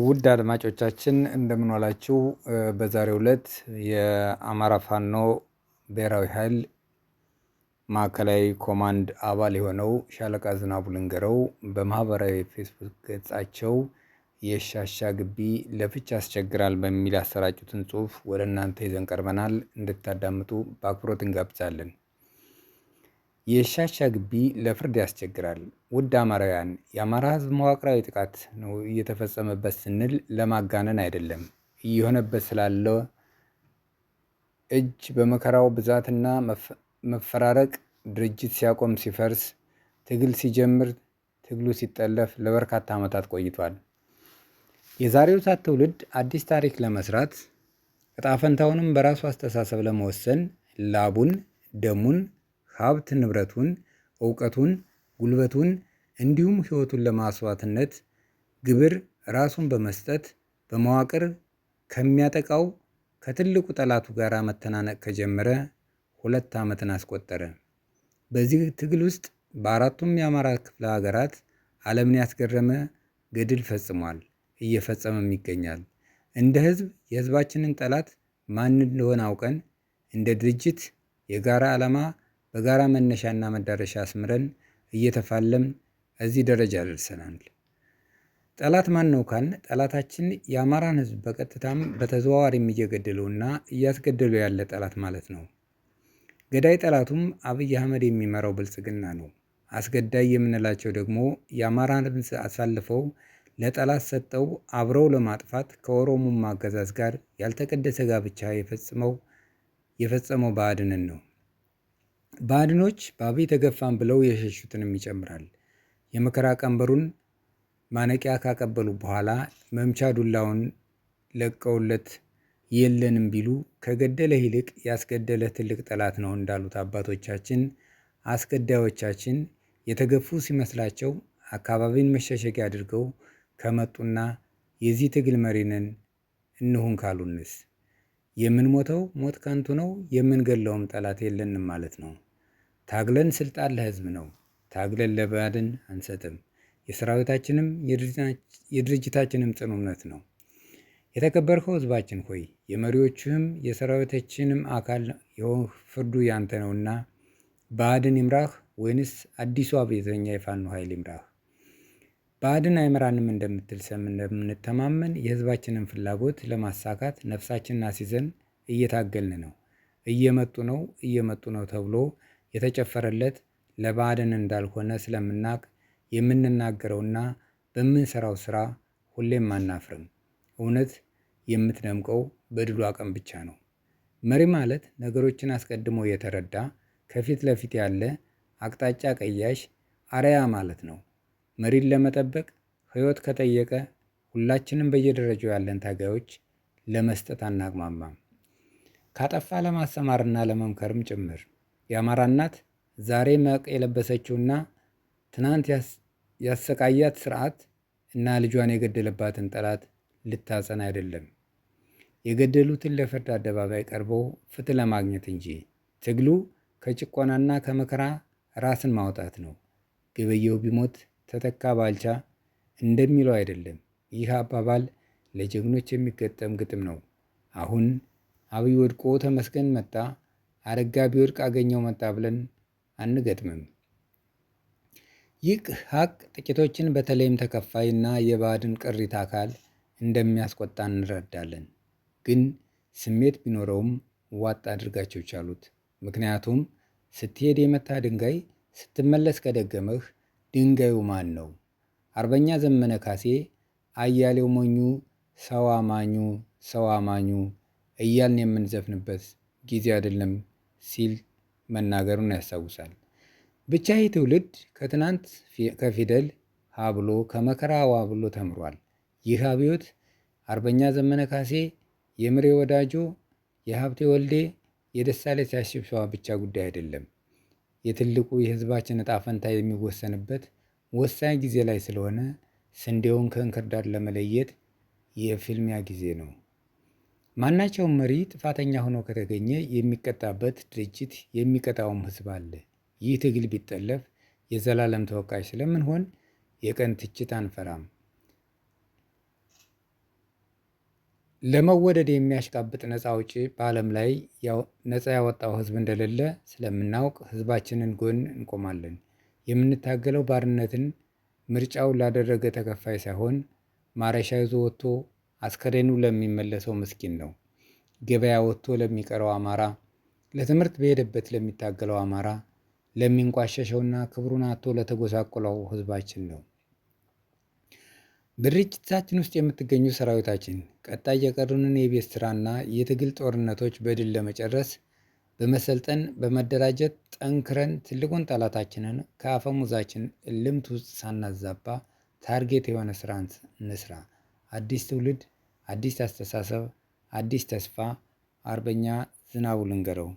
ውድ አድማጮቻችን እንደምንላችው በዛሬው ዕለት የአማራ ፋኖ ብሔራዊ ኃይል ማዕከላዊ ኮማንድ አባል የሆነው ሻለቃ ዝናቡ ልንገረው በማህበራዊ ፌስቡክ ገጻቸው የሻሻ ግቢ ለፍች ያስቸግራል በሚል ያሰራጩትን ጽሑፍ ወደ እናንተ ይዘን ቀርበናል። እንድታዳምጡ በአክብሮት እንጋብዛለን። የሻሻ ግቢ ለፍርድ ያስቸግራል። ውድ አማራውያን፣ የአማራ ህዝብ መዋቅራዊ ጥቃት ነው እየተፈጸመበት ስንል ለማጋነን አይደለም። እየሆነበት ስላለው እጅ በመከራው ብዛትና መፈራረቅ ድርጅት ሲያቆም ሲፈርስ፣ ትግል ሲጀምር ትግሉ ሲጠለፍ ለበርካታ ዓመታት ቆይቷል። የዛሬው ሳት ትውልድ አዲስ ታሪክ ለመስራት እጣፈንታውንም በራሱ አስተሳሰብ ለመወሰን ላቡን ደሙን ሀብት ንብረቱን፣ እውቀቱን፣ ጉልበቱን እንዲሁም ሕይወቱን ለማስዋዕትነት ግብር ራሱን በመስጠት በመዋቅር ከሚያጠቃው ከትልቁ ጠላቱ ጋር መተናነቅ ከጀመረ ሁለት ዓመትን አስቆጠረ። በዚህ ትግል ውስጥ በአራቱም የአማራ ክፍለ ሀገራት ዓለምን ያስገረመ ገድል ፈጽሟል፣ እየፈጸመም ይገኛል። እንደ ህዝብ የህዝባችንን ጠላት ማን እንደሆነ አውቀን እንደ ድርጅት የጋራ ዓላማ በጋራ መነሻና መዳረሻ አስምረን እየተፋለምን እዚህ ደረጃ ደርሰናል። ጠላት ማን ነው ካልን ጠላታችን የአማራን ህዝብ በቀጥታም በተዘዋዋሪም እየገደለውና እያስገደለው ያለ ጠላት ማለት ነው። ገዳይ ጠላቱም አብይ አህመድ የሚመራው ብልጽግና ነው። አስገዳይ የምንላቸው ደግሞ የአማራን ሕዝብ አሳልፈው ለጠላት ሰጠው አብረው ለማጥፋት ከኦሮሞማ አገዛዝ ጋር ያልተቀደሰ ጋብቻ የፈጸመው ብአዴንን ነው። በአድኖች በአብይ ተገፋን ብለው የሸሹትንም ይጨምራል። የመከራ ቀንበሩን ማነቂያ ካቀበሉ በኋላ መምቻ ዱላውን ለቀውለት የለንም ቢሉ ከገደለ ይልቅ ያስገደለ ትልቅ ጠላት ነው እንዳሉት አባቶቻችን አስገዳዮቻችን የተገፉ ሲመስላቸው አካባቢን መሸሸጊያ አድርገው ከመጡና የዚህ ትግል መሪንን እንሁን ካሉንስ የምንሞተው ሞት ከንቱ ነው፣ የምንገለውም ጠላት የለንም ማለት ነው። ታግለን ስልጣን ለህዝብ ነው፣ ታግለን ለባድን አንሰጥም። የሰራዊታችንም የድርጅታችንም ጽኑ እምነት ነው። የተከበርከው ህዝባችን ሆይ የመሪዎችህም የሰራዊታችንም አካል የሆንህ ፍርዱ ያንተ ነውና፣ ባዕድን ይምራህ ወይንስ አዲሱ አብዮተኛ የፋኖ ኃይል ይምራህ? ባዕድን አይመራንም እንደምትል ስለምንተማመን የህዝባችንን ፍላጎት ለማሳካት ነፍሳችንን አስይዘን እየታገልን ነው። እየመጡ ነው እየመጡ ነው ተብሎ የተጨፈረለት ለባዕድን እንዳልሆነ ስለምናቅ የምንናገረውና በምንሰራው ስራ ሁሌም አናፍርም። እውነት የምትደምቀው በድሉ አቅም ብቻ ነው። መሪ ማለት ነገሮችን አስቀድሞ የተረዳ ከፊት ለፊት ያለ አቅጣጫ ቀያሽ አርያ ማለት ነው። መሪን ለመጠበቅ ህይወት ከጠየቀ ሁላችንም በየደረጃው ያለን ታጋዮች ለመስጠት አናቅማማም። ካጠፋ ለማሰማርና ለመምከርም ጭምር። የአማራ እናት ዛሬ መቅ የለበሰችውና ትናንት ያሰቃያት ስርዓት እና ልጇን የገደለባትን ጠላት ልታጸን አይደለም፣ የገደሉትን ለፍርድ አደባባይ ቀርቦ ፍትህ ለማግኘት እንጂ። ትግሉ ከጭቆናና ከመከራ ራስን ማውጣት ነው። ገበየሁ ቢሞት ተተካ ባልቻ እንደሚለው አይደለም። ይህ አባባል ለጀግኖች የሚገጠም ግጥም ነው። አሁን አብይ ወድቆ ተመስገን መጣ፣ አረጋ ቢወድቅ አገኘው መጣ ብለን አንገጥምም። ይህ ሀቅ ጥቂቶችን በተለይም ተከፋይ እና የባዕድን ቅሪት አካል እንደሚያስቆጣ እንረዳለን። ግን ስሜት ቢኖረውም ዋጥ አድርጋቸው ቻሉት። ምክንያቱም ስትሄድ የመታ ድንጋይ ስትመለስ ከደገመህ ድንጋዩ ማን ነው? አርበኛ ዘመነ ካሴ አያሌው ሞኙ ሰው አማኙ ሰው አማኙ እያልን የምንዘፍንበት ጊዜ አይደለም ሲል መናገሩን ያስታውሳል። ብቻ ይህ ትውልድ ከትናንት ከፊደል ሀብሎ ከመከራ ዋብሎ ተምሯል። ይህ አብዮት አርበኛ ዘመነ ካሴ፣ የምሬ ወዳጆ፣ የሀብቴ ወልዴ፣ የደሳለኝ ሲያስብሰዋ ብቻ ጉዳይ አይደለም። የትልቁ የህዝባችን እጣ ፈንታ የሚወሰንበት ወሳኝ ጊዜ ላይ ስለሆነ ስንዴውን ከእንክርዳድ ለመለየት የፍልሚያ ጊዜ ነው። ማናቸውም መሪ ጥፋተኛ ሆኖ ከተገኘ የሚቀጣበት ድርጅት የሚቀጣውም ህዝብ አለ። ይህ ትግል ቢጠለፍ የዘላለም ተወቃሽ ስለምንሆን የቀን ትችት አንፈራም። ለመወደድ የሚያሽቃብጥ ነፃ አውጪ በአለም ላይ ነፃ ያወጣው ህዝብ እንደሌለ ስለምናውቅ ህዝባችንን ጎን እንቆማለን። የምንታገለው ባርነትን ምርጫው ላደረገ ተከፋይ ሳይሆን ማረሻ ይዞ ወጥቶ አስከሬኑ ለሚመለሰው ምስኪን ነው። ገበያ ወጥቶ ለሚቀረው አማራ ለትምህርት በሄደበት ለሚታገለው አማራ ለሚንቋሸሸውና ክብሩን አጥቶ ለተጎሳቆለው ህዝባችን ነው በድርጅታችን ውስጥ የምትገኙ ሰራዊታችን ቀጣይ የቀሩንን የቤት ስራና የትግል ጦርነቶች በድል ለመጨረስ በመሰልጠን በመደራጀት ጠንክረን ትልቁን ጠላታችንን ከአፈሙዛችን ልምት ውስጥ ሳናዛባ ታርጌት የሆነ ስራ እንስራ። አዲስ ትውልድ፣ አዲስ አስተሳሰብ፣ አዲስ ተስፋ። አርበኛ ዝናቡ ልንገረው